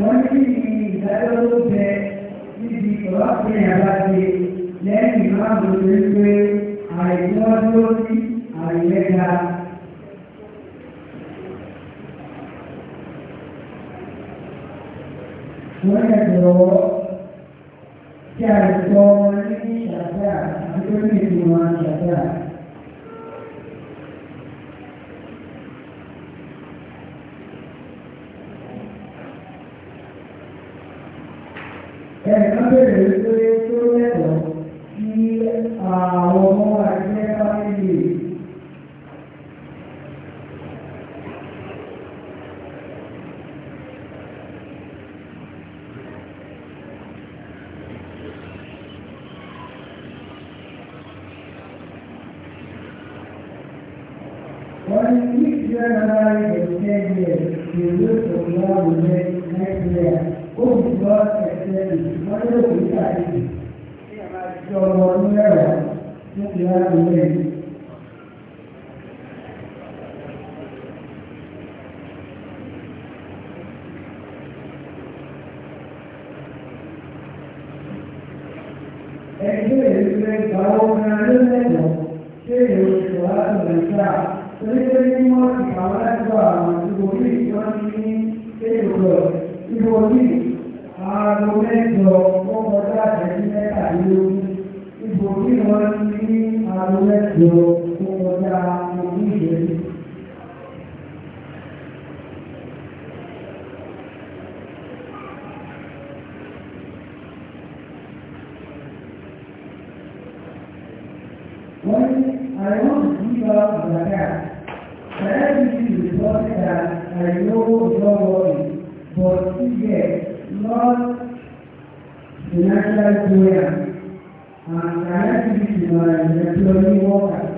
wọ́n ní ìdájọ́ tó jẹ níbi ìrọ́pìn àbájẹ lẹ́yìn máa bò ní pé àìlọ́dọ́ sí àìlẹ́ga. wọ́n yẹ jọ̀wọ́ kí àìsọ wọn ní ìṣàfẹ́ àti tó ní ìlú wọn ṣàfẹ́ àti. ẹgbẹ́ wọ́n lè kí káàkiri kí ẹ máa the national prayer and the activity by the employee workers.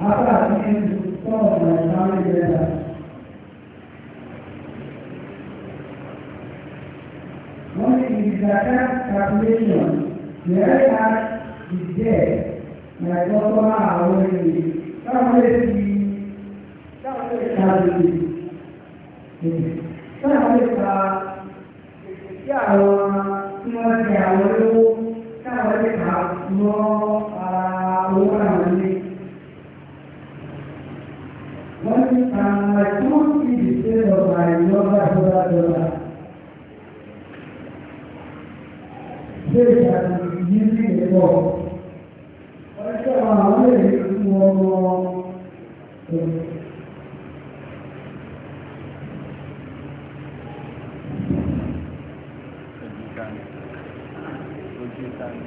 After speaking to some of my family members, when in the Zakat calculation, the air is there, my customer are already, some way to be, some way to be, sáà lè ojú ìtàní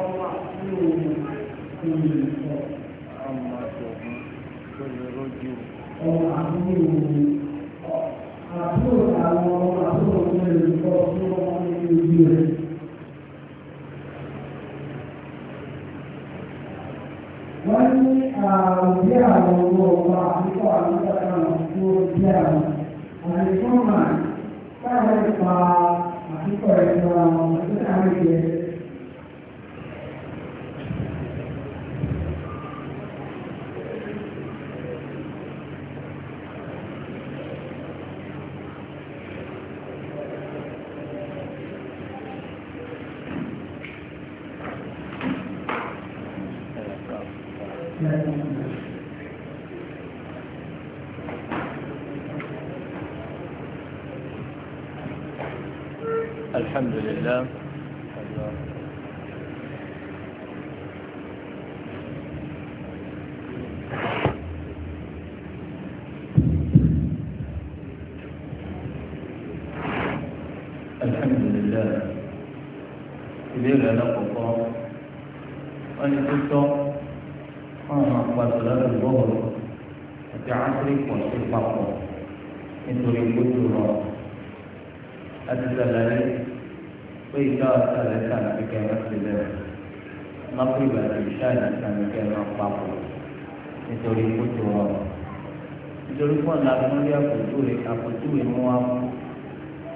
ọmọ tí òun kò lè sọ ọmọ àjọ̀gbọ́n tó lè rójú ọmọ àbúrò òun àbúrò àwọn ọmọ àbúrò òun lè sọ tí wọ́n máa ń lè ojú rẹ̀. wọ́n ní àwòrán àwọn ọmọ ọba àbúkọ àbúkọ àwọn tó jẹ́ àwọn àìsàn máa ń sáré pa people in um, the ìbéèrè alákọ̀ọ́kọ́ wọ́n ní tó tọ́ wọ́n máa pa sọ̀rọ̀ lọ́wọ́ àti àtúrí pọ̀ sí papọ̀ nítorí gbójú rọ láti sàlàyé pé ìjọ àtàlẹ́ sàlàyé kẹrin ti bẹ̀rẹ̀ mọ́kù ìbàdàn ìṣá ìdàkàmì kẹrin papọ̀ nítorí gbójú rọ nítorí pọ̀ làkúnlé àpòjúwe àpòjúwe mú wa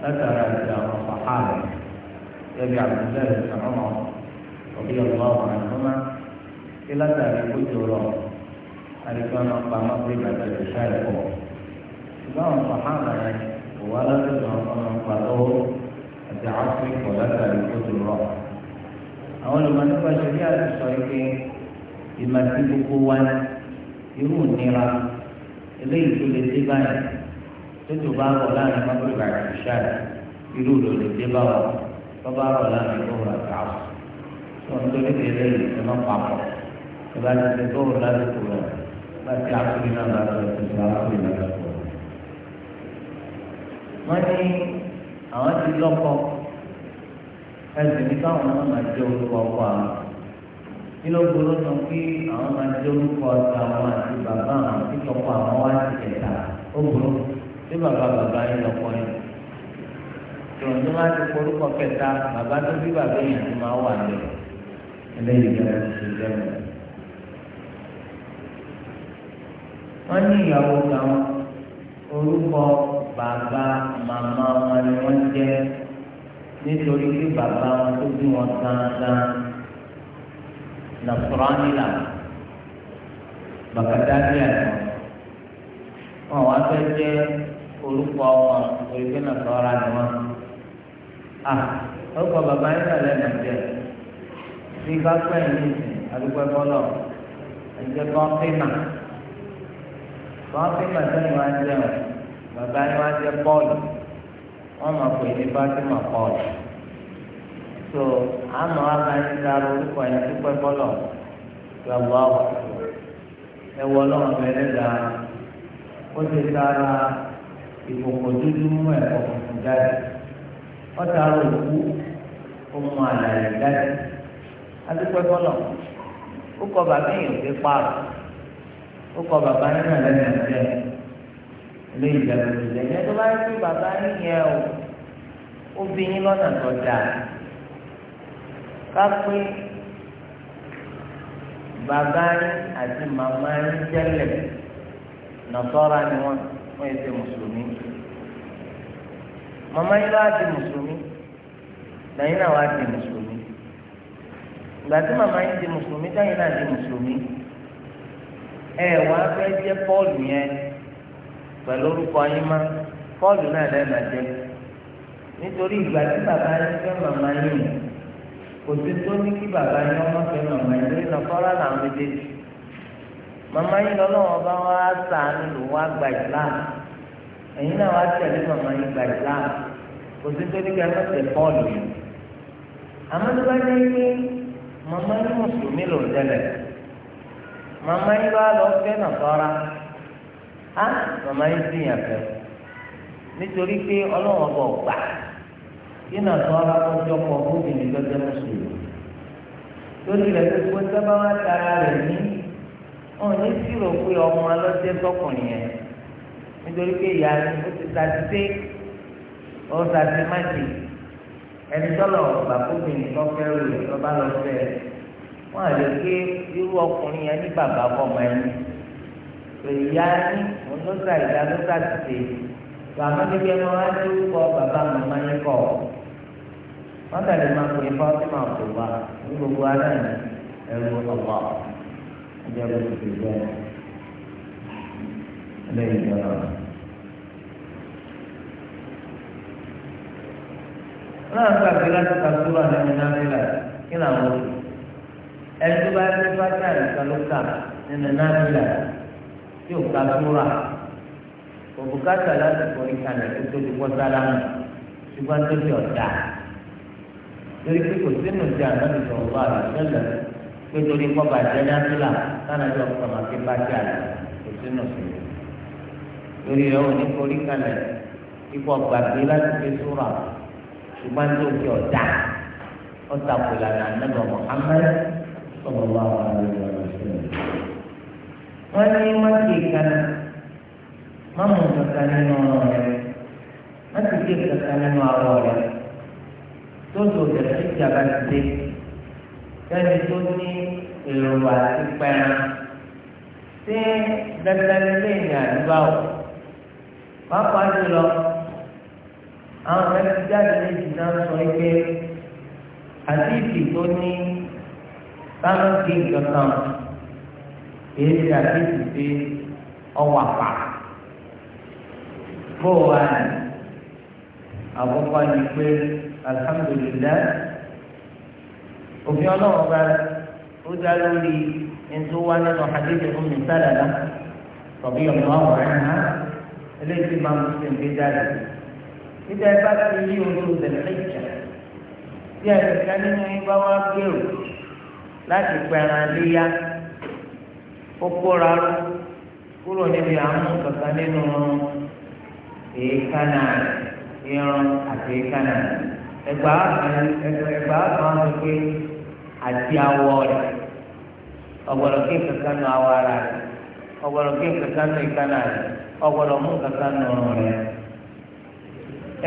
látara ìjà àwọn fàhálà. لابي عبد الله بن عمر رضي الله عنهما إلى ذلك كثر ألفان قام بما تشاركه إمام الصحابة ولا تزعم أن قالوا التعصب ولا ذلك كثر أول ما نقول شريعة الشريك بما تجد قوة يرون نيرا إليه كل الزبائن تجد بعض لا نمر بعد الشارع يرون الزبائن tọ́ba rọ̀ láti gbóhùn àgbà wọn nítorí kéré ìṣúná papọ̀ ìbá ti ti gbóhùn láti kú rẹ̀ láti àkúrí náà bá lọ sí ìgbà àkúrí náà bá kú rẹ̀. wọ́n ní àwọn ti lọ́kọ ẹsẹ̀ ní káwọn náà máa jẹ́ orúkọ ọkọ àwọn nínú gbòòrò náà pé àwọn máa jẹ́ orúkọ ọ̀sẹ̀ àwọn àti bàbá àwọn àti tọkọ àwọn wá sí ẹ̀ta ó gbòòrò sí bàbá bàbá yín lọ́kọ yín tó ní wọ́n ti forúkọ kẹta bàbá tó bí bàbá yìí ti máa wà lẹ̀ ẹlẹ́yìí gbẹ́rẹ́ ti ṣe lẹ́nu. wọ́n ní ìyàwó kan orúkọ bàbá màmá wọn ni wọ́n jẹ́ nítorí pé bàbá wọn tó bí wọn gángan nàfúránì là bàkàdáàbí àná wọn wá fẹ́ jẹ́ orúkọ wọn orí pé nàfúránì wọn ọkọ̀ bàbá yín lọ lẹ́nu jẹ bí ká pẹ́ yín nìsín àdúgbò bọ́lọ̀ ẹ̀jẹ̀ kan pímà kan pímà sẹ́yìn wá jẹ́ o bàbá yín wá jẹ́ bọ́ọ̀lù wọ́n máa pè ní Fatima Paul so àmọ́ abayín dáró orúkọ yẹn dúpẹ́ bọ́lọ̀ gbàgbọ́ àwọ̀ ẹ̀wọ̀ ọlọ́run bẹ̀rẹ̀ dáa ó ti dára ìkòkò dúdú mú ẹ̀kọ́ funfun jáde. Ọta òkú ọmọ àlàyé dájú adúpẹ́ fọlọ ó kọ bàbá yìí òkè pààrọ̀ ó kọ bàbá yìí náà lẹ́nu ẹ̀jẹ̀ lé ìjẹun ìjẹun ẹ̀jẹ̀ tó bá bàbá yìí yẹ ó bí yín lọ́nà tó bàbá àti màmá Mama yín wá di mùsùlùmí lẹ́yìn náà wá di mùsùlùmí ìgbà tí màmá yín di mùsùlùmí lẹ́yìn náà di mùsùlùmí ẹ wá fẹ́ jẹ́ pọ́ọ̀lù yẹn pẹ̀lú orúkọ yín má pọ́ọ̀lù náà lẹ́ẹ̀ma jẹ́ nítorí ìgbà tí bàbá yín fẹ́ màmá yín kò sí tó ní kí bàbá yín ọmọ fẹ́ màmá yín lórí lọ́kọ́rọ́ làwọn méjèèjì màmá yín lọ́lọ́wọ́ bá wá sàánù lò wá gba ìsìláàmù ẹ̀yin náà wá tẹ̀lé màmá yín gba ìsìlámù kò sí tó dìgbà náà tẹ̀ bọ́ọ̀lù yìí àmọ́ tó bá dé pé màmá yín mùsùlùmí ló tẹ̀lẹ̀ màmá yín bá lọ fẹ́ nàfọ́ra á màmá yín dìyàn fẹ́ nítorí pé ọlọ́wọ́n bọ̀ gbà kí nàfọ́ra kọjọ́ pọ̀ fóbìnrin lọ́jọ́ mùsùlùmí lórí rẹ̀ gbogbo sábà wá tara rẹ̀ ní òní sírò pé ọmọ alọ́jẹ́ nítorí pé ìyá rẹ̀ ó ti sàtìsé ó sàtì májì ẹni tọ́lọ̀ bàbóbìnrin kan fẹ́rù rẹ̀ lọ́ba lọ fẹ́ wọ́n á lè gé irú ọkùnrin yẹn ní bàbá fọmọ ẹni ìyá ní ọlọ́sà ìyá ló sàtìsé bàbá níbi ẹni wọn á ti kọ bàbá màmá yẹn kọ wọ́n tẹ̀lé máa pè fọ́tímà kò wá ní gbogbo aláìní ẹ̀rù ọ̀pọ̀ ìjọba ìdìbò ẹ̀ lẹ́yìn náà. náà gbàgbé láti ka sóra lẹ́nu náírà kí làwọn oṣù ẹni tó bá yẹ kó bá nìkan ló kà nínú náírà tí ò ka sóra òbúkátà láti kọ ìkànnì tó tóbi kọ́ sálámù ṣùgbọ́n tó ti ọ̀dà torí pé kò sínú ti ànábì sọ̀rọ̀ bá rẹ̀ sẹ́lẹ̀ pé torí kọ́ bàjẹ́ náírà kánà yọ ọ̀pọ̀ màkì bá jà kò sínú sí i. lórí rẹ ò ní forí kalẹ̀ ikọ̀ gbàgbé láti fi súra ṣùgbọ́n tó fi ọ̀dà ọ̀tà kùlà nà nàbà Muhammad sallallahu alaihi wasallam. wọ́n ní wọ́n ti kana má mú kankan nínú ọ̀rọ̀ rẹ má ti ké kankan nínú ọ̀rọ̀ rẹ tó tó tẹ̀sí ìjàmbá ti dé pàápàá jùlọ àwọn ọ̀rẹ́ ti jáde méjì náà sọ pé àdìsí tó ní táwọn kí nǹkan kan kìí ṣe àdìsí pé ọwọ́ àpá bó wà ní àkọ́kọ́ ni pé alhamdulilayi òfin ọlọ́run bá ó dá lórí ẹni tó wá nínú àdìsí mi sálàlá tọ̀bí ọ̀nà ọ̀rẹ́ náà eléyìí tí máa ń fi ṣe jáde nígbà ẹ bá ti yí oṣù tẹ̀lé ìjà tí ẹnìkan nínú yín bá wá gbèrò láti pẹ̀ràn léyà ó kóra rú kúrò níbi àmú kankan nínú èékánná irun àti èékánná ẹgbàá ẹgbàá kan ti pé àti awọ rẹ ọgbọdọ kí kankan nù awọ ara rẹ ọgbọdọ kí kankan nù ìkánná rẹ ọgbọ́dọ̀ mú kankan nù rẹ̀.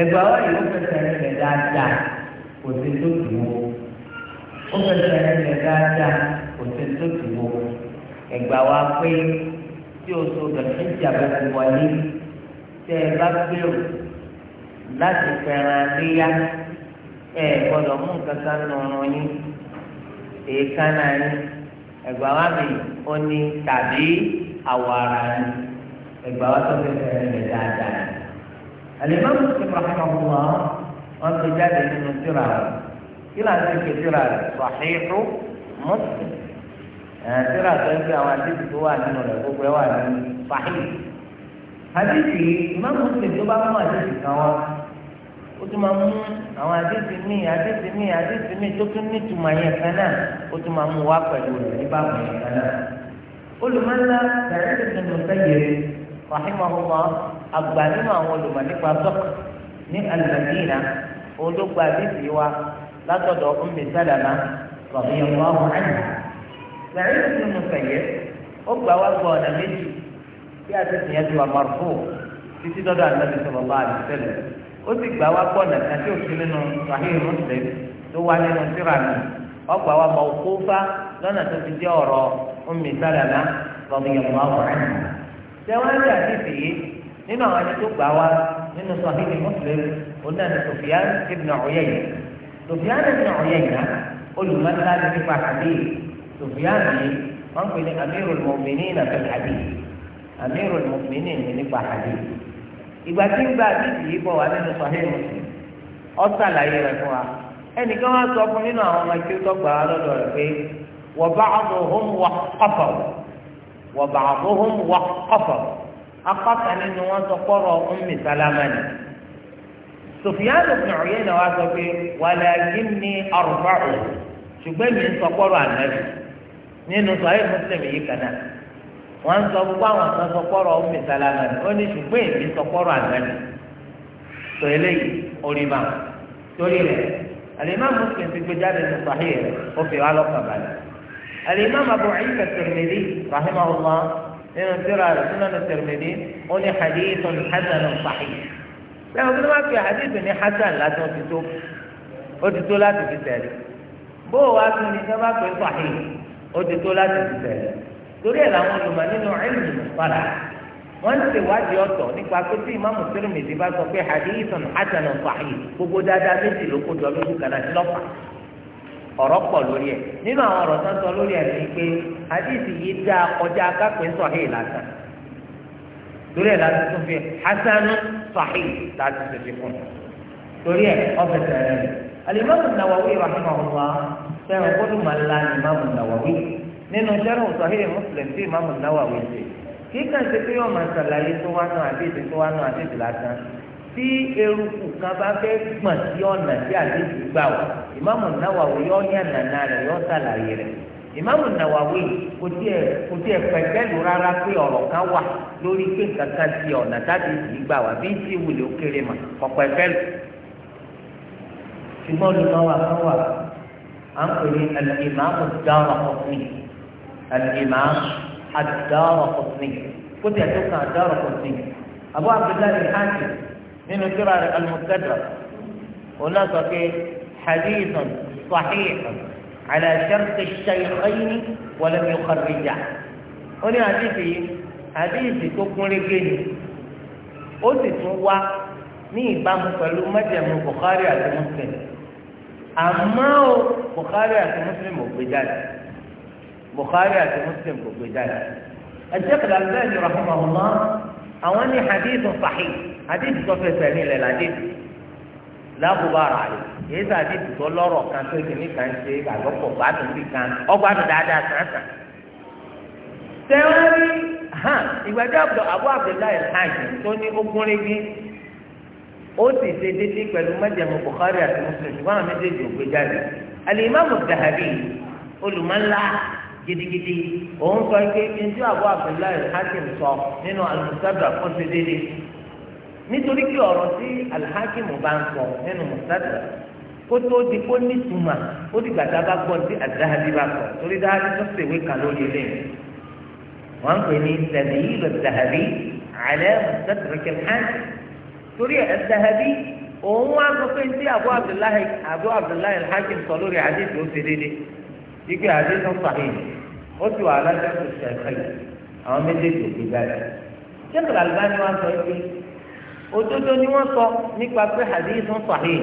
ẹgbẹ́ wa yìí ó fẹsẹ̀ rẹ̀ dáadáa kò sí tó tù wó ó fẹsẹ̀ rẹ̀ dáadáa kò sí tó tù wó ẹgbẹ́ wa pé tí o tó dọ̀tí ìjàmbá ti wọlé tẹ́ ẹ bá gbèrò láti fẹ́ràn léyà ẹ gbọ́dọ̀ mú kankan nù yín èékánná yín ẹgbẹ́ wa mi ó ní tàbí àwọ̀ ara yín ẹgbàá wa tó fi fẹ́rẹ̀ lè dáadáa. Àlèmọ́ Mùsùlùmí Rahimahullah wọn ti jáde nínú tíra rẹ̀. Kílà ń tẹ̀kẹ̀ tíra rẹ̀ Sahihu Muslim. Tíra tó ń fi àwọn àdìsí tó wà nínú rẹ̀ gbogbo ẹ̀ wà ní Sahih. Àdìsí Imam Muslim tó bá mú àdìsí kan wá. Ó tún máa mú àwọn àdìsí míì àdìsí míì àdìsí míì tó tún nítumọ̀ yẹn kan náà. Ó tún máa mú wá pẹ̀lú rẹ̀ ní báwọn yẹn kan náà. Olùmọ̀lá Sàrẹ́sì tó ń rahimahullah àgbà nínú àwọn olùmọ̀ nípa sọ́k ní al-Madina òun ló gba àdéhùn wa látọ̀dọ̀ Ummi Salama radiyallahu anha. Sa'id ibn Musayyib ó gbà wá gbọ́ ọ̀nà méjì bí àdéhùn yẹn ti wà marfu títí dọ́dọ̀ Ànábì sallallahu alaihi wasallam ó sì gbà wá gbọ́ ọ̀nà kan tí ò sí nínú Sahih Muslim tó wá nínú tírà mi ọgbà wa mọ̀ òkú fá lọ́nà tó fi jẹ́ ọ̀rọ̀ Ummi Salama radiyallahu anha tẹ́wọ́n rí àdìsí yìí nínú àwọn ẹni tó gbà wá nínú sọ̀hìn Muslim oní àti Sufyan ibn Uyayna Sufyan ibn Uyayna olùmọ̀tà ní nípa hadith Sufyan yìí wọ́n ń pè ní Amirul Mu'minin fil hadith Amirul Mu'minin nípa hadith ìgbà tí ń gba àdìsí yìí bọ̀ wá nínú sọ̀hìn Muslim ó ṣàlàyé rẹ̀ fún wa ẹnìkan wọ̀bà àbúhùn wà kọ̀fọ̀ akọ́ta nínú wọn sọ kọ́rọ̀ Ummi Salama ni. Sufyan ibn Uyayna wá sọ pé walakinni arba'u ṣùgbọ́n mi ń sọ kọ́rọ̀ ànábì nínú Sahih Muslim yìí kan náà wọ́n sọ gbogbo àwọn kan sọ kọ́rọ̀ Ummi Salama ni ó ní ṣùgbọ́n èmi sọ kọ́rọ̀ ànábì sọ eléyìí orin bá torí rẹ̀ Al-Imam Muslim ti gbé jáde ní Sahih rẹ̀ ó fi wá lọ́kàn balẹ̀. الإمام أبو عيسى الترمذي رحمه الله من ترى سنن الترمذي قل حديث حسن صحيح لأنه كل ما في حديث حسن لا تنسوا وتتو لا تتسالي bó o wá tún ní sábà pé sàhí o ti tó láti ti tẹ̀lé torí ẹ̀ làwọn olùmọ̀ nínú ẹ̀lì padà wọ́n ń ṣèwádìí ọ̀tọ̀ nípa pé tí ìmáàmù Tirmidhi bá sọ pé hadithun hasanun sàhí gbogbo dáadáa méjì ló kó jọ lójú kan àti lọ́fà ọ̀rọ̀ pọ̀ lórí ẹ̀ nínú àwọn ọ̀rọ̀ tó ń sọ lórí ẹ̀ ni pé àdìsí yìí dá kọjá akápẹ́ sọ̀hìn lásán torí ẹ̀ láti tún fi hasanu sọ̀hìn láti tún fi kún torí ẹ̀ ọ̀fẹ́ tẹ̀lé rẹ̀ alimami nawawi rahimahullah sẹ́wọ̀n kó ló máa ń la imami nawawi nínú sẹ́wọ̀n sọ̀hìn muslim tí imami nawawi ṣe kíkà ṣe pé yóò máa ṣàlàyé tó wá náà àdìsí tó wá àdìsí lásán tí eruku kan bá fẹ́ gbọ̀n sí ọ̀nà tí àdéhùn gbà wá ìmáàmù Nawawi yọ yàn nàna rẹ̀ yọ sàlàyé rẹ̀ ìmáàmù Nawawi kò tiẹ̀ kò tiẹ̀ pẹ̀tẹ́lù rárá pé ọ̀rọ̀ kan wà lórí pé kankan ti ọ̀nà tábí yìí gbà wá bí ti wulẹ̀ ó kéré mà kọ̀ pẹ̀tẹ́lù. ṣùgbọ́n olùmọ̀wá kan wà à ń pè ní nínú tíra rẹ̀ al-Mustadrak òun náà sọ pé hadithun sahihun ala sharti shaykhayn wa lam yukharrijah ó ní àdìsí àdìsí tó kún régé ni ó sì tún wá ní ìbámu pẹ̀lú májẹ̀mú Bukhari àti Muslim àmọ́ o Bukhari àti Muslim ò gbé jáde Bukhari àti Muslim kò gbé jáde. الشيخ الألباني رحمه الله àwọn ní hadithu sahih hadithu tó fẹsẹ̀ nílẹ̀ ládé lábùbára rẹ̀ èyí sá hadithu tó lọ́rọ̀ kan tó ti ní kan ṣe àlọ́pọ̀ gbádùn sí kan ọgbádùn dáadáa sàǹsàn. sẹ́wọ́n rí hàn ìgbàjọ́ àbúrò àbúrò abdullahi hajj tó ní ogún ó sì ṣe déédéé pẹ̀lú mẹ́jẹ̀mú Bukhari àti Muslim ṣùgbọ́n àwọn méjèèjì ò gbé jáde. gidigidi òun sọ pé ẹnjú àbọ̀ abdullahi alhakim sọ nínú alùsàdà kó ṣe dédé nítorí kí ọ̀rọ̀ tí alhakim bá ń sọ nínú mùsàdà kó tó di kó nítumà ó di gbàdá bá gbọ́ sí àdáhàbí bá sọ torí dáhàbí tó ṣèwé kà lórí ilé wọn ń pè ní tẹ̀lẹ́yìn lọ dáhàbí àlẹ́ mùsàdà kẹ̀kẹ́ hàn torí ẹ̀ dáhàbí òun wá sọ pé ní àbọ̀ abdullahi àbọ̀ abdullahi alhakim sọ lórí àdéhùn tó ṣe dédé ike àdéhùn sàhìn ó sì wà aláṣẹ tó ṣe ẹ̀ka yìí àwọn méjèèjì òkè jáde ṣéèkì làlùbáni wa sọ pé òdodo ni wọ́n sọ nípa pé hadith ń sahih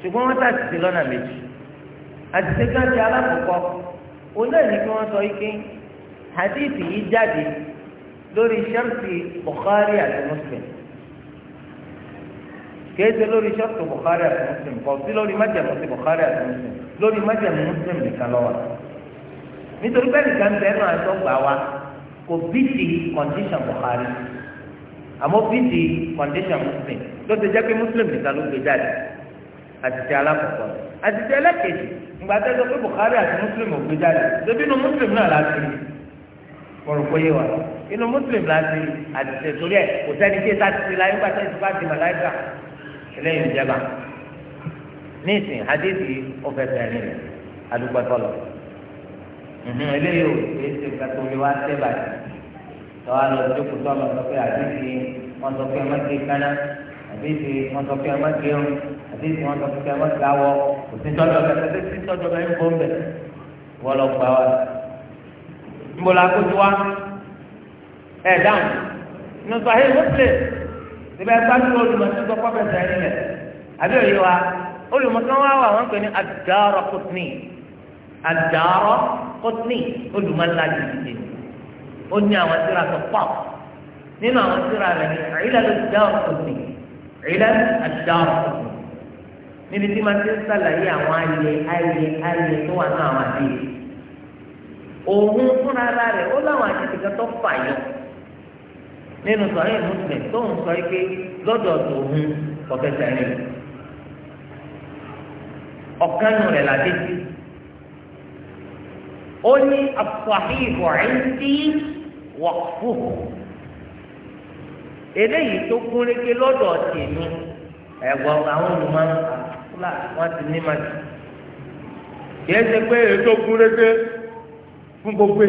ṣùgbọ́n wọ́n tàbí sí lọ́nà méjì àtìsí káńtì alákọ̀ọ́kọ́ òun náà ní kí wọ́n sọ ike hadith yìí jáde lórí sharti Bukhari àti Muslim kéde lórí sharti Bukhari àti Muslim kọ̀ sí lórí májàmú sí Bukhari àti Muslim lórí májàmú Muslim nìkan lọ́wọ́ nítorí bẹ́ẹ̀ nìkan bẹ́ẹ̀ náà tó gbà wá kò bí ti condition Bukhari àmọ́ bí ti condition Muslim tó ti jẹ́ pé Muslim nìkan ló gbé jáde àti ti alákọ̀ọ́kọ́ àti ti ẹlẹ́kẹ̀jì ìgbà tó sọ pé Bukhari àti Muslim ò gbé jáde débi inú Muslim náà láti rí kọ̀rọ̀ kó yé wa inú Muslim láti rí àti ti torí ẹ̀ kò sẹ́ni tí ètò àti ti láyé ńgbà tó ti bá ti màláìka ẹlẹ́yìn ìjẹba ní ìsìn hadith ọ̀fẹ́ fẹ́ẹ́ nílẹ̀ adúgbò tọ́lọ̀ eléyìí ò ṣe é ṣe nǹkan tó lè wá ṣe bàjẹ́ tọ́wá lọ sí kò tọ́ ọmọ sọ pé àdéhì wọn sọ pé ọmọ gé kaná àdéhì wọn sọ pé ọmọ gé irun àdéhì wọn sọ pé ọmọ gé awọ kò sí tọ́jú ọ̀gá tẹ́tẹ́ sí tọ́jú ọ̀gá ń bọ́ ń bẹ̀ wọ́n lọ gbà wá. níbo la kó tó wá ẹ̀ dáhùn inú sọ ayé mọ́tìlẹ̀ síbẹ̀ gbájú olùmọ̀ tó sọ pọ́fẹ̀sì ẹ̀yìn àdàrọ kọtìní olùmọlájú ìdè ó ní àwọn síra tó pọ̀ nínú àwọn síra rẹ̀ ní ìlà ló dàrọ kọtìní ìlà àdàrọ kọtìní níbi tí ma ti ń sàlàyé àwọn ayé ayé ayé tó wà ní àwọn àdé òun fúnra rẹ̀ ó láwọn àti kan tó fà yọ nínú sọ̀rọ̀ muslim tó ń sọ pé lọ́dọ̀ tòun kọ̀fẹ́sẹ̀ rẹ̀ ọ̀kan nù rẹ̀ làdé sí. onye ní àfàhíhù ẹ̀ńdí wọ̀fù eléyìí tó kún léke lọ́dọ̀ tèmi ẹ̀gbọ́n àwọn olùmọ̀ wọn ti ní ma jù kìí ṣe pé èyí tó kún léke fún gbogbo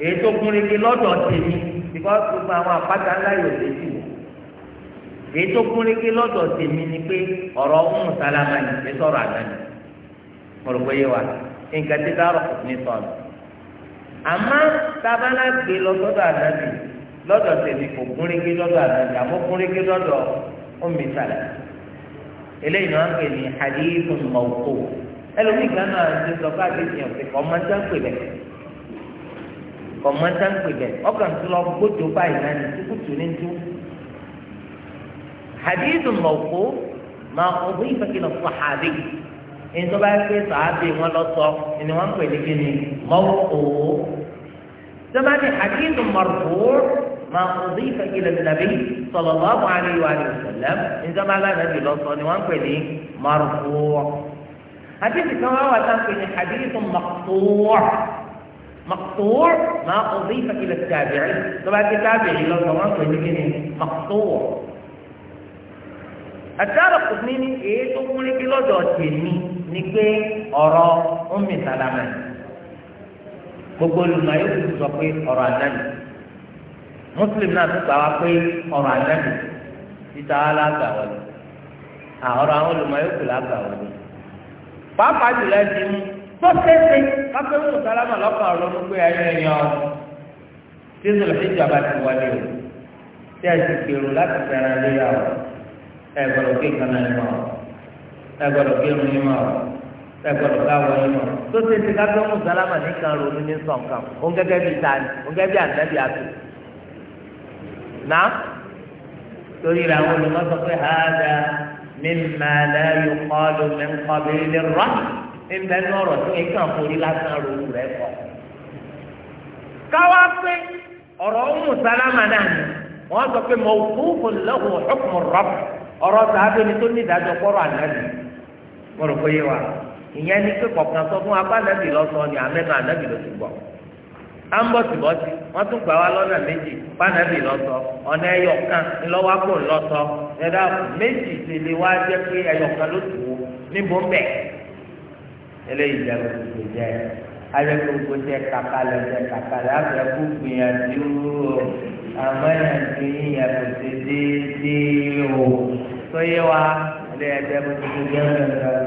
èyí tó kún léke lọ́dọ̀ tèmi bíkọ́ gbogbo àwọn àpáta ńlá yóò èyí tó kún léke lọ́dọ̀ tèmi ni pé ọ̀rọ̀ ọ̀hún sálámà ní ìṣẹ́sọ̀rọ̀ àná ni mo rò pé nǹkan tí dárò ní sọnù àmọ́ tábàlà gbé lọ́dọ̀ ànábì lọ́dọ̀ tèmi kò gúnrégé lọ́dọ̀ ànábì àmọ́ gúnrégé lọ́dọ̀ Ummi Salama eléyìí náà ń pè ní hadithun mawqu ẹlòmíì kan náà ti sọ fún àti tiẹ̀ pé kọ́mọ́tà ń pè bẹ̀ kọ́mọ́tà ń pè ọkàn tó lọ gbódò báyìí náà ní tukutu ní tú hadithun mawqu máa kọ́ bí ìfẹ́ fún àdéhùn ẹni tó bá gbé sàábì wọn lọ sọ ẹni wọn ń pè ní kíni mọ́wó òwò sábà ní àkíyèsí mọ̀rùkú máa ń ọdún ìfẹ́ ilẹ̀ nàbí sọ̀rọ̀ lọ́wọ́ àlẹ́ ìwà àlẹ́ ìṣẹ̀lẹ̀ ẹni tó bá lánàbì lọ sọ ẹni wọn pè ní mọ̀rùkú. àdìsí kan wá wà sáńpé ní àdìsí mọ̀kúwọ̀ مقطوع ما أضيف إلى التابع طبعا التابع لو تمام فهمتني مقطوع الدار القطني إيه تقولي كيلو دوتيني ni pé ọ̀rọ̀ Ummi Salama gbogbo olùmọ̀ yóò tún sọ pé ọ̀rọ̀ ànábì Muslim náà tún gbà wá pé ọ̀rọ̀ ànábì títa alága wọlé àọ̀rọ̀ àwọn olùmọ̀ yóò tún lága wọlé pàápàá jùlọ ẹsẹ̀ mú tọ́sẹ̀sẹ̀ kápẹ́ Ummi Salama lọ́kàn ọ̀rọ̀ ló pé ayé ẹ̀yàn ọ̀ tí ìṣòro ìjọba ti wọlé o tí a ti láti fẹ́ràn léyàwó ẹ̀ gbọ́dọ̀ kí náà ń ẹgbọ́dọ̀ kí irun yín mọ́ ẹgbọ́dọ̀ káwọ́ yín mọ́ tó ṣe ti kápẹ́ mú sálámà nìkan ronú ní sọ̀kan òun gẹ́gẹ́ bíi tani òun gẹ́gẹ́ bíi àtẹ́bí àtò náà torí rẹ̀ àwọn olùmọ̀ sọ pé hàdà mímà lẹ́yìn kọ́lù mi ń kọ́ bí lè rọ́ nígbà ní ọ̀rọ̀ tí wọ́n kàn forí lásán ronú rẹ̀ kọ́ káwá pé ọ̀rọ̀ ọ̀hún sálámà náà ni wọ́n sọ pé mọ̀ òkú kò lọ́hùn ọ̀hún rọ́pù ọ̀rọ̀ sàábẹ́ni tó ní ìdájọ́ kọ́rọ̀ àná mo rò pé yé wa ìyẹn ní pé kọ̀ọ̀kan sọ fún lọ́sọ̀ọ́ ni àmẹ́nu ànábì ló ti gbọ́ à ń bọ̀ síbọ̀sí wọ́n tún gbà wá lọ́nà méjì pánàbì ọ̀nà ẹ̀dá méjì ti lè wá jẹ́ pé ló níbo eléyìí jẹ́ gbogbo jẹ́ gbogbo jẹ́ jẹ́ kú gbìyànjú àmọ́ dáadáa bó ti ṣe jẹ́ dáadáa.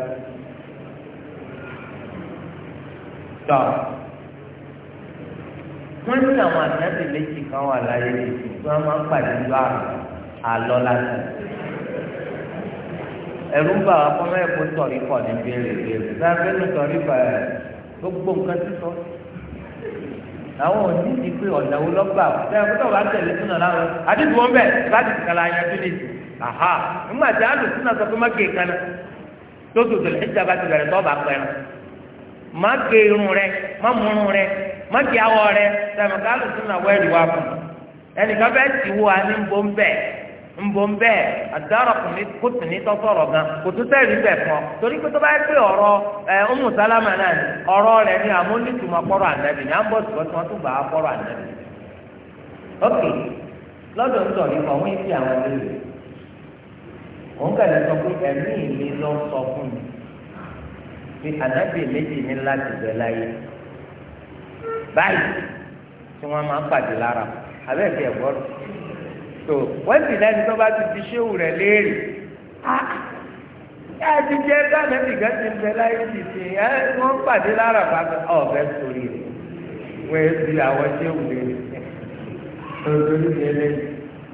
tọ́ wọ́n ní àwọn àtẹ́tẹ̀ méjì kan wà láyé tí wọ́n máa ń pàdé lọ àlọ́ láti. ẹ̀rú ń bà wá fún ẹ̀kọ́ sọ̀rí pọ̀ ní bèrè bèrè sáfẹ́ ló sọ̀rí pọ̀ ẹ̀ gbogbo nǹkan ti sọ. àwọn òní ti pé ọ̀nà wo lọ́gbà tẹ́ ẹ̀kọ́ tó wà á tẹ̀lé fún ọ̀la àdìgbò ń bẹ̀ láti kàlà tó lè sùn. aha ńgbà tí alùsùn náà sọ pé má gé na, lóṣù tó lẹ́yìn ìjàmbá ti bẹ̀rẹ̀ tọ́ba pẹ̀rẹ̀ má gé irun rẹ má múrun rẹ má gé awọ rẹ sẹ́mi ká alùsùn náà wá fún ti ní tọ́sọ̀rọ̀ gan kò bẹ̀ fún ọ torí pé tó bá ọ̀rọ̀ ẹ sálámà náà ni ọ̀rọ̀ rẹ ni àmọ́ kọ́rọ̀ ni à ń bọ̀ sùgbọ́n tí ok lọ́dọ̀ ń sọ̀rọ̀ òun kàlẹ́ sọ pé ẹ̀mí mi lọ sọ fún mi pé ànábì méjì ní láti bẹ̀ láyé báyìí tí wọ́n máa ń pàdé lára abẹ́ ìfẹ́ ẹ̀gbọ́n tó wọ́n sì lẹ́ni tó bá ti fi ṣéwù rẹ̀ léèrè ah, ẹ ti jẹ́ dánábì kan ti bẹ̀ láyé ti sè é wọ́n pàdé lára bàbá ọ̀bẹ sórí rẹ̀ wọ́n ẹ àwọn ṣéwù léèrè tó tó ní ìdílé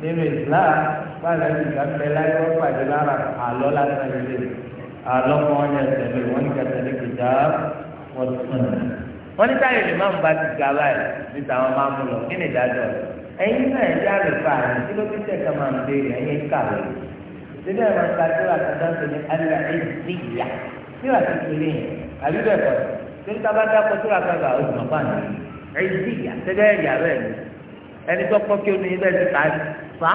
nínú ìsìláàmù báyìí lẹ́yìn ìgbà ń bẹ láyé wọ́n pàdé lára àlọ́ lásán ilé àlọ́ mọ́ wọn yẹn tẹ̀lé wọ́n ní kẹtẹ́lẹ́ kìjà wọ́n tún un. wọ́n ní táyà lè máa ń ba ti ga báyìí ní tàwọn máa ń mú lọ kí ni ìdájọ́ ẹ̀yin náà ẹ̀ yá lè fa àyè kí ló ti tẹ̀ ká máa ń béèrè ẹ̀yin kàwé. síbẹ̀ máa ń ka tí wàá kàdá sí ni alẹ́ ìdíyà tí wàá ti kéré yẹn àbí bẹ́ẹ̀ kọ́ torí tá dákọ̀ tí wàá kàgbà ó dùn ọ̀pá nìyí ìdíyà tẹ́lẹ̀ ẹ̀yà bẹ́ẹ̀ ẹni tó kọ́ kí ó ní ti ta fa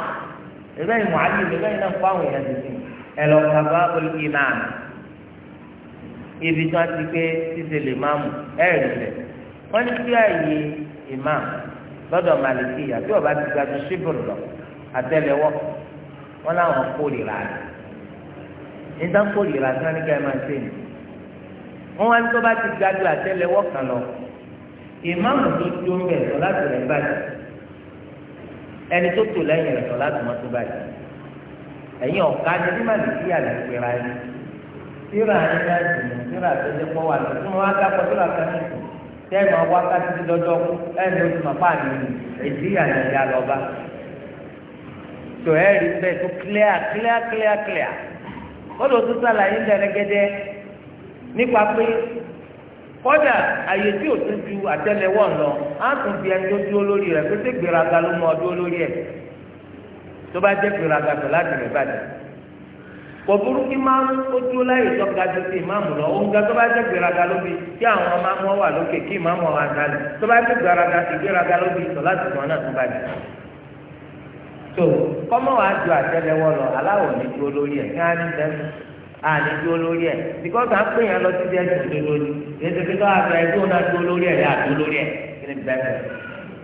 ẹgbẹ́ ìmọ̀ àti ẹgbẹ́ iná ń fáwọn èèyàn ti sìn ẹ lọ ka bá olùkí náà ibi tí wọ́n ti pé ṣíṣe lè máa mú ẹ rí rẹ̀ wọ́n ní kí ààyè ìmá lọ́dọ̀ màlìkì àti ọ̀bá ti gba ju ṣíbùrù lọ àtẹlẹwọ́ wọ́n láwọn kórìíra rẹ̀ níta kórìíra tí wọ́n ní kí ẹ máa ṣe nìyí wọn wá ti ga ju àtẹ́lẹwọ́ lọ ìmáàmù tó dúró bẹ́ẹ̀ sọ láti rẹ ẹni tó tò lẹ́yìn rẹ̀ sọ láti máa báyìí ẹ̀yin ọ̀ka ni bí màlì sí àlè ìpera yín síra yín náà sì ní síra tó ṣe pọ̀ wà lọ́sùn wọn á dápọ̀ síra kan ní ìsìn tẹ́ ẹ̀ máa kú ẹ̀mí oṣù màpá mi èdè ìyá tó ẹ̀ rí bẹ́ẹ̀ tó clear clear clear clear tún sàlàyé ń kọ́dà àyè tí ò tún ju àtẹlẹwọ́ lọ á tún fi ẹni tó dúró lórí rẹ̀ pété gbéraga ló mọ ọdún lórí ẹ̀ tó bá jẹ́ gbéraga tó láti rẹ̀ bàjẹ́ kò burú kí máa ń ojú láyè tó ga ju ti ìmáàmù lọ òun ga tó bá jẹ́ gbéraga lóbi kí àwọn ọmọ ọmọ wà lókè kí ìmáàmù wà dálẹ̀ tó bá jẹ́ gbéraga ti gbéraga lóbi tó láti tún ọ̀nà tó bàjẹ́ tó kọ́mọ́ wàá ju àtẹlẹwọ́ lọ aláwọ̀ ní dúró lórí ẹ̀ kí àní dúró lórí ẹ̀ bíkọ́sì à ń pè yẹn lọ sí ẹ̀sìn òdodo ni èsì fi lọ́wọ́ àgbà ẹ̀ dúró náà dúró lórí ẹ̀ yà dúró lórí ẹ̀ kí ni bẹ́ẹ̀ bẹ́ẹ̀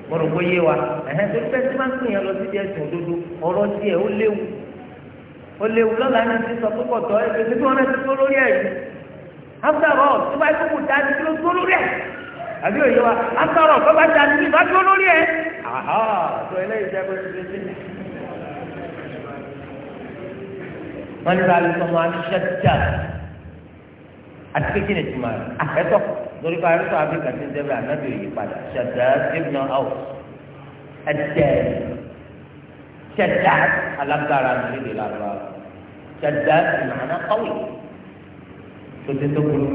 mo rò pé yé wa ẹ̀hẹ́n tó fẹ́ tí máa ń pè yẹn lọ sí ẹ̀sìn òdodo ọ̀rọ̀ tiẹ̀ ó léwu ó léwu lọ́la ní ti sọ pé pọ̀tọ́ ẹ̀sìn tí wọ́n náà ti dúró lórí ẹ̀ yìí after all tó bá yẹ ta ni ló dúró lórí ẹ̀ àbí òye wa after all wọ́n ní báyìí sọmọ aṣẹ́jà àti kékeré ti máa àkẹ́tọ̀ lórí bá arúgbó áfíríkà ti ń dẹ́rẹ́ ànábì òye padà ṣẹ̀dá ṣẹ́bìnà áwọ̀ ẹ̀dẹ́ ṣẹ̀dá alágbára nílé làlọ́ ṣẹ̀dá ìmọ̀ràn kọ́wé tó ti tó kúrú.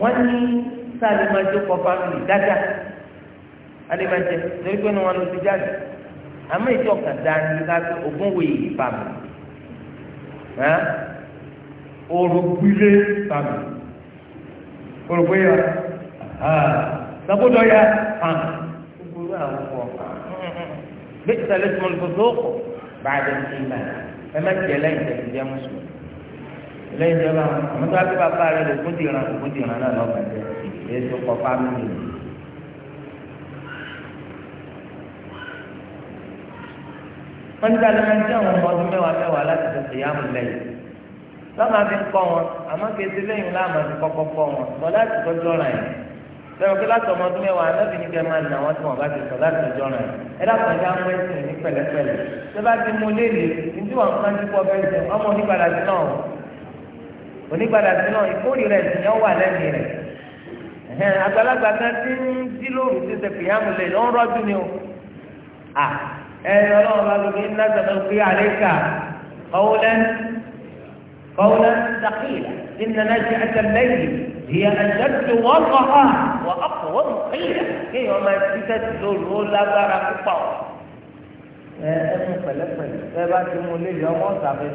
wọ́n ní sáàlì máa jó kọ́ fámìlì dáadáa alẹ́ máa jẹ torí pé wọ́n lọ sí jáde àmọ́ ìjọ kàdá ní ká ogún wòye ìfàmìlì ẹ́ orùgbílé tàbí orùgbéyà sàbódọ́yà hàn gbogbo àwọn ọkọ̀ bí ìsàlẹ̀ tí mo lè fọ́tò ọkọ̀ bá a dẹ̀ sí ìgbà ẹ má jẹ́ lẹ́yìn tẹ̀sí jẹ́ mùsùlùmí lẹ́yìn tẹ̀sí bá àwọn tó wá sí bàbá rẹ̀ lè fún ti ràn fún ti ràn náà lọ́gbàdì ẹ̀ ẹ̀ tó kọ́ fámìlì wọ́n ní sáré máa ń jẹ́ àwọn ọmọ ọdún mẹ́wàá mẹ́wàá láti ṣe ṣèyàmù lẹ́yìn lọ́mọ àti kọ́ wọn àmọ́ kì í ṣe lẹ́yìn láàmú àti kọ́kọ́ kọ́ wọn sọ láti tọ́jú ọ̀ràn yìí sọ̀rọ̀ pé láti ọmọ ọdún mẹ́wàá anábì ní kẹ́ẹ́ máa nà wọ́n tí wọ́n bá ti sọ láti tọ́jú ọ̀ràn yìí ẹ dákun ẹja ń wẹ́ sí ní pẹ̀lẹ́pẹ̀lẹ́ tó bá ti mú léèlè níbi wọn kan ti pọ̀ bẹ́ẹ̀ sẹ́ ọmọ onígbàdà sí náà ẹ̀yìn ọlọ́run bá lóbi ńlá sọ̀tọ̀ fi àlékà kọ́wúlẹ́n kọ́wúlẹ́n dàkìlà ìnana ṣe àtẹlẹ́yìn ìyá àjẹjù wọ́n kọ́ ha wọ́n ọkọ̀ wọ́n kéèyà kéèyàn máa ti tẹ̀sí lóru ó lágbára púpọ̀ ẹ ẹnu pẹ̀lẹ́pẹ̀lẹ́ ẹ bá ti mú lé ọmọ ọ̀sàfẹ́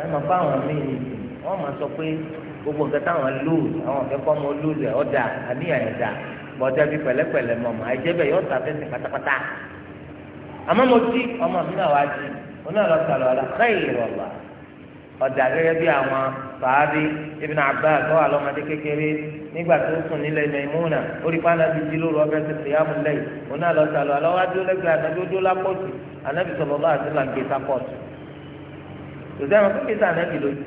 ẹ mọ̀ fáwọn míì wọ́n mọ̀ sọ pé gbogbo nǹkan táwọn lóòlù àwọn akẹ́kọ̀ọ́ ọmọ lóòlù ẹ̀ ọ̀dà àníyàn ẹ̀dà bọ́dà bíi pẹ̀lẹ́pẹ̀lẹ́ mọ̀mọ́ ẹ̀jẹ̀ bẹ̀ yọ ọ̀sàfẹ́ sí pátápátá àmọ́ mo ti ọmọ mi náà wá sí oní ọlọ́sàlọ́ ọ̀la khayr wallah ọ̀dà gẹ́gẹ́ bí àwọn sàábì Ibn Abbas tó wà lọ́mọdé kékeré nígbà tó sùn nílẹ̀ Maimuna orípa anabi ti lóru ọbẹ̀ ti fi yàmù lẹ́yìn oní ọlọ́sàlọ́ ọ̀la wá dúró lẹ́gbẹ̀ẹ́ anabi ó dúró lápọ̀tù anabi sọ̀rọ̀ lọ́wọ́ àti làǹkì sápọ̀tù tòtẹ́ àwọn kékeré sànàbì lójú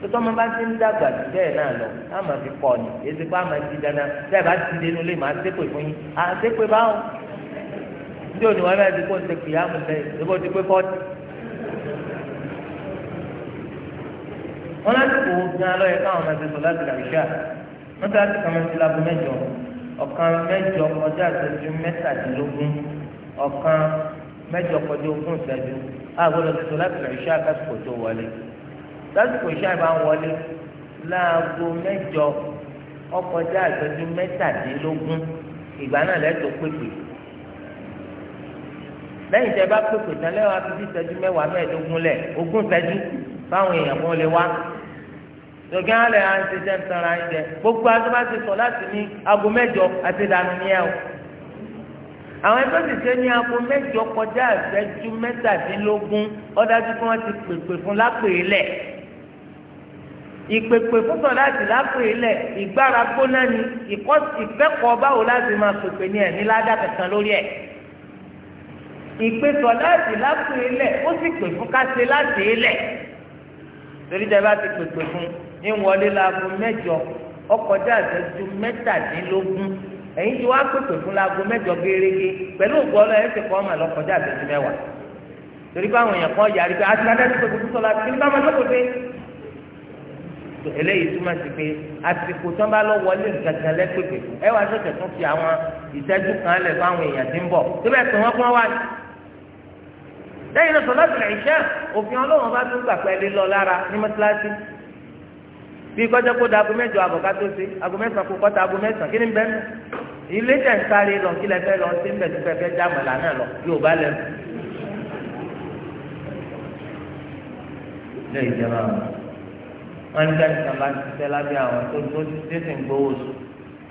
tọ́tọ́ máa bá ti ń dàgbà jù bẹ́ẹ̀ náà lọ á máa fi kọ́ ni èsì pé á máa ti dáná bẹ́ẹ̀ bá ti dénú lé màá ṣépè fún yín à ṣépè báwo tí ò ní wọn bá ti kó ṣe kìyà mú lẹ́yìn tó bó ti pé fọ́ọ̀tì. wọn láti kó gan lọ yẹ káwọn máa ti sọ láti làwùjá wọn ti láti kàmá sí labu mẹ́jọ ọ̀kan mẹ́jọ kọjá àtẹjú mẹ́tàdínlógún ọ̀kan mẹ́jọ kọjá ogún ìṣẹ́jú àgbọ́dọ̀ ti sọ láti làwùjá lásìkò iṣẹ́ ìbá wọlé láago mẹ́jọ ọkọjá ìtọ́jú mẹ́tàdínlógún ìgbà náà lẹ́tọ̀ pépè lẹ́yìn tẹ́ bá pépè tán lẹ́wọ̀n àti ìtọ́jú mẹ́wàá mẹ́ẹ̀ẹ́dógún lẹ̀ ogún ìtọ́jú fáwọn èèyàn kan lè wá tòkí àwọn ẹ̀rọ àwọn ti jẹ́ ntara yín jẹ gbogbo àti bá ti sọ láti ní aago mẹ́jọ àti ìdánù ní ẹ̀ o àwọn ẹgbẹ́ ti ṣe ní aago mẹ́jọ kọjá ìtọ́jú mẹ́tàdínlógún ọ̀dájú kí wọ́n ti pèpè fún lápèélẹ̀ ìpèpè fúnfọ láti lápò ilẹ̀ ìgbára gbóná ni ìkẹ́kọ̀ọ́ báwo láti máa pèpè ní ẹ̀ ní ládàá kankan lórí ẹ̀ ìpèsò láti lápò ilẹ̀ ó sì pè fún káṣe láti ilẹ̀ torí dẹ́ bá ti pèpè fún ní wọlé láago mẹ́jọ ọkọjá àtẹ́jú mẹ́tàdínlógún ẹ̀yin tí wàá pèpè fún láago mẹ́jọ gérégé pẹ̀lú ògbọ́ ọlọ́ ẹ̀ ṣe kọ́ ọmọ lọ́kọjá àtẹ́jú mẹ́wàá torí eléyìí túmọ̀ sí pé àsìkò tán bá lọ wọlé gàgà lẹ́gbẹ̀gbẹ̀ ẹ wá sọ̀tẹ̀ tún fi àwọn ìṣẹ́jú kan lẹ̀ fáwọn èèyàn tí ń bọ̀ síbẹ̀ tó wọ́n pọ́n wá ní. lẹ́yìn náà sọ̀rọ̀ ìṣẹ̀lẹ̀ iṣẹ́ òfin ọlọ́run bá tún gbà pẹ́ẹ́lí lọ lára ní mọ́tíláṣí. bí kọjá kó da aago mẹ́jọ àbọ̀ká tó ṣe aago mẹ́sàn-án kó kọ́ta aago mẹ́sàn-án kí ni bẹ́ẹ̀ ilé tẹ̀ ń sáré lọ kí lẹ fẹ́ lọ sí ń bẹ̀ tó fẹ́ fẹ́ já mọ̀lá náà lọ yóò bá lẹ́nu. lẹ́yìn jẹ́ máa wọn ní káàdì kan bá ti tẹ́ lábẹ́ àwọn tó tó ti tẹ́sí ń gbowó sùn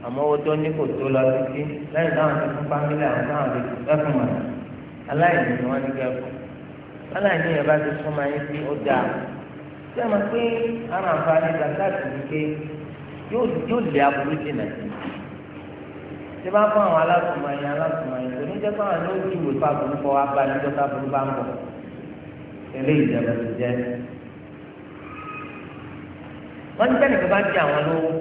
àmọ́ owó tó ní kò tó lọ títí lẹ́yìn táwọn ti fún fámílì àwọn táwọn ti fẹ́ fún wọn aláìní ni wọ́n ní kẹ́kọ̀ọ́ aláìní yẹn bá ti súnmọ́ ayé sí ó dáa tí a máa pé ara àǹfààní zakati ni pé yóò lé aburú jìnnà sí tí bá fún àwọn alásùnmọ̀yìn alásùnmọ̀yìn kò ní jẹ́ fún àwọn ní ó ju ìwé fáburú kọ́ wá bá níjọ́ fáburú bá ń bọ̀ eléyìí jẹ́ bẹ́ẹ̀ wọ́n ní sẹ́nìkan bá ń di àwọn lówó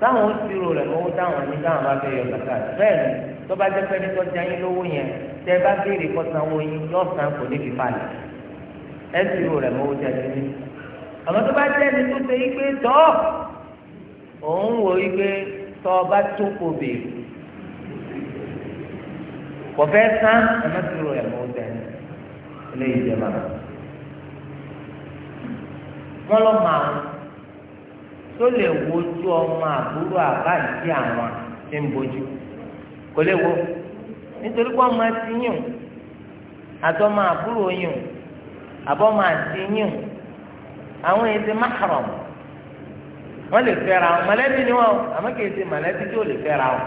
táwọn ó ti rò rẹ̀ mọ́wó táwọn ní táwọn bá fẹ́ yọ kàkà bẹ́ẹ̀ ni tó bá jẹ́ pẹ́ni tó jẹ́ yín lówó yẹn tẹ́ bá béèrè kọ́ sanwó yín yọ san kò ní fi falẹ̀ ẹ ti rò rẹ̀ mọ́wó jẹ́ yín àmọ́ tó bá jẹ́ ẹni tó ṣe yí pé tọ́ òun wò yí pé tọ́ ọ tó kò béèrè kò fẹ́ san ẹ̀mọ́ ti rò rẹ̀ mọ́wó jẹ́ yín eléyìí jẹ́ màmá wọ́n lọ́ máa tó lè wojú ọmọ àbúrò àbá ìdí àwọn tí ń bojú kò lè wo nítorí pé ọmọ ti yùn àtọmọ àbúrò yùn àbọmọ àti yùn àwọn èdè mahram wọn lè fẹ́ra wọn mọ̀lẹ́bí ni wọn àmọ́ kìí ṣe mọ̀lẹ́bí tí ò lè fẹ́ra wọn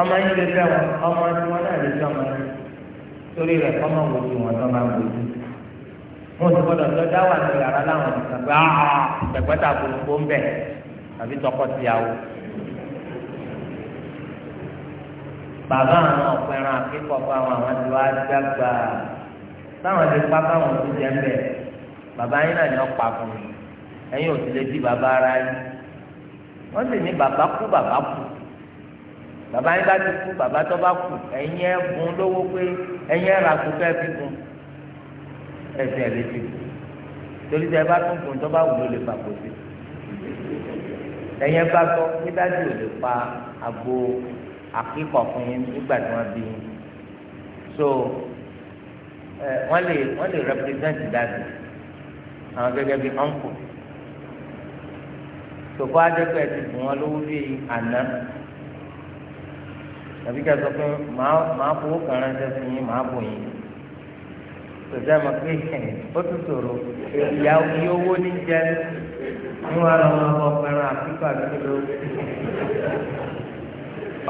ọmọ yín lè fẹ́ wọn ọmọ tí náà lè fẹ́ wọn torí rẹ̀ wọn tó máa wọn ti gbọ́dọ̀ lọ dá wà ní yàrá láwọn ìgbàgbọ́ àà ìgbàgbọ́ta gbogbo ń bẹ̀ tàbí tọkọtìyàwó. bàbá àwọn ọ̀pẹ̀ràn akẹ́kọ̀ọ́ fún àwọn àwọn tí wàá dàgbà táwọn ti pa káwọn ti jẹ́ mbẹ́ bàbá yín náà ni wọ́n pa fún mi ẹ̀yin ò sì lè di bàbá ara yín wọ́n sì ní bàbá kú bàbá kú bàbá yín bá ti kú bàbá tó bá kú ẹ̀yin ẹ̀ bùn lówó pé ẹ̀yin ẹ̀ rà kú fẹ́ẹ́ fi kún ẹsẹ̀ rẹ ti kù torí tẹ bá tún kùn tó bá wù ló lè fà kó sí ẹ̀yẹn bá sọ pé dájú ò lè pa àgbo àkíkọ̀ fún yín nígbà tí wọ́n bí yín so wọ́n lè wọ́n lè represent dájú àwọn gẹ́gẹ́ bí uncle tòkó adẹ́pẹ́ ti fún wọn lówó bíi àná tàbí kí a sọ pé màá fowó kan ránṣẹ́ fún yín màá bò yín tòjá ma pé ó tún sòrò ìyá iye owó ní jẹ ní wọn lọ wọn bọ pẹran àfikún àdúgbò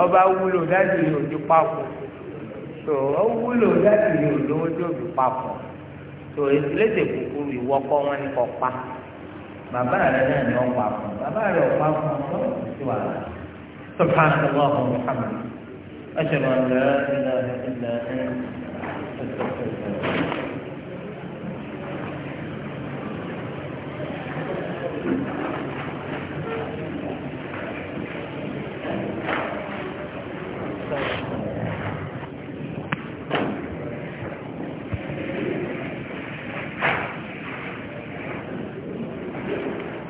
ọba wúlò dájú yìí ò ti papọ̀ tó ó wúlò dájú yìí ò lówó tó fi papọ̀ tó léde kúkúrú ìwọ́kọ́ wọn ni kò pa bàbá rẹ náà ni wọ́n pa fún bàbá rẹ ò pa fún ọ sí wàhálà subhanahu wa ta'ala muhammad ashhadu an la ilaha illa anta astaghfiruka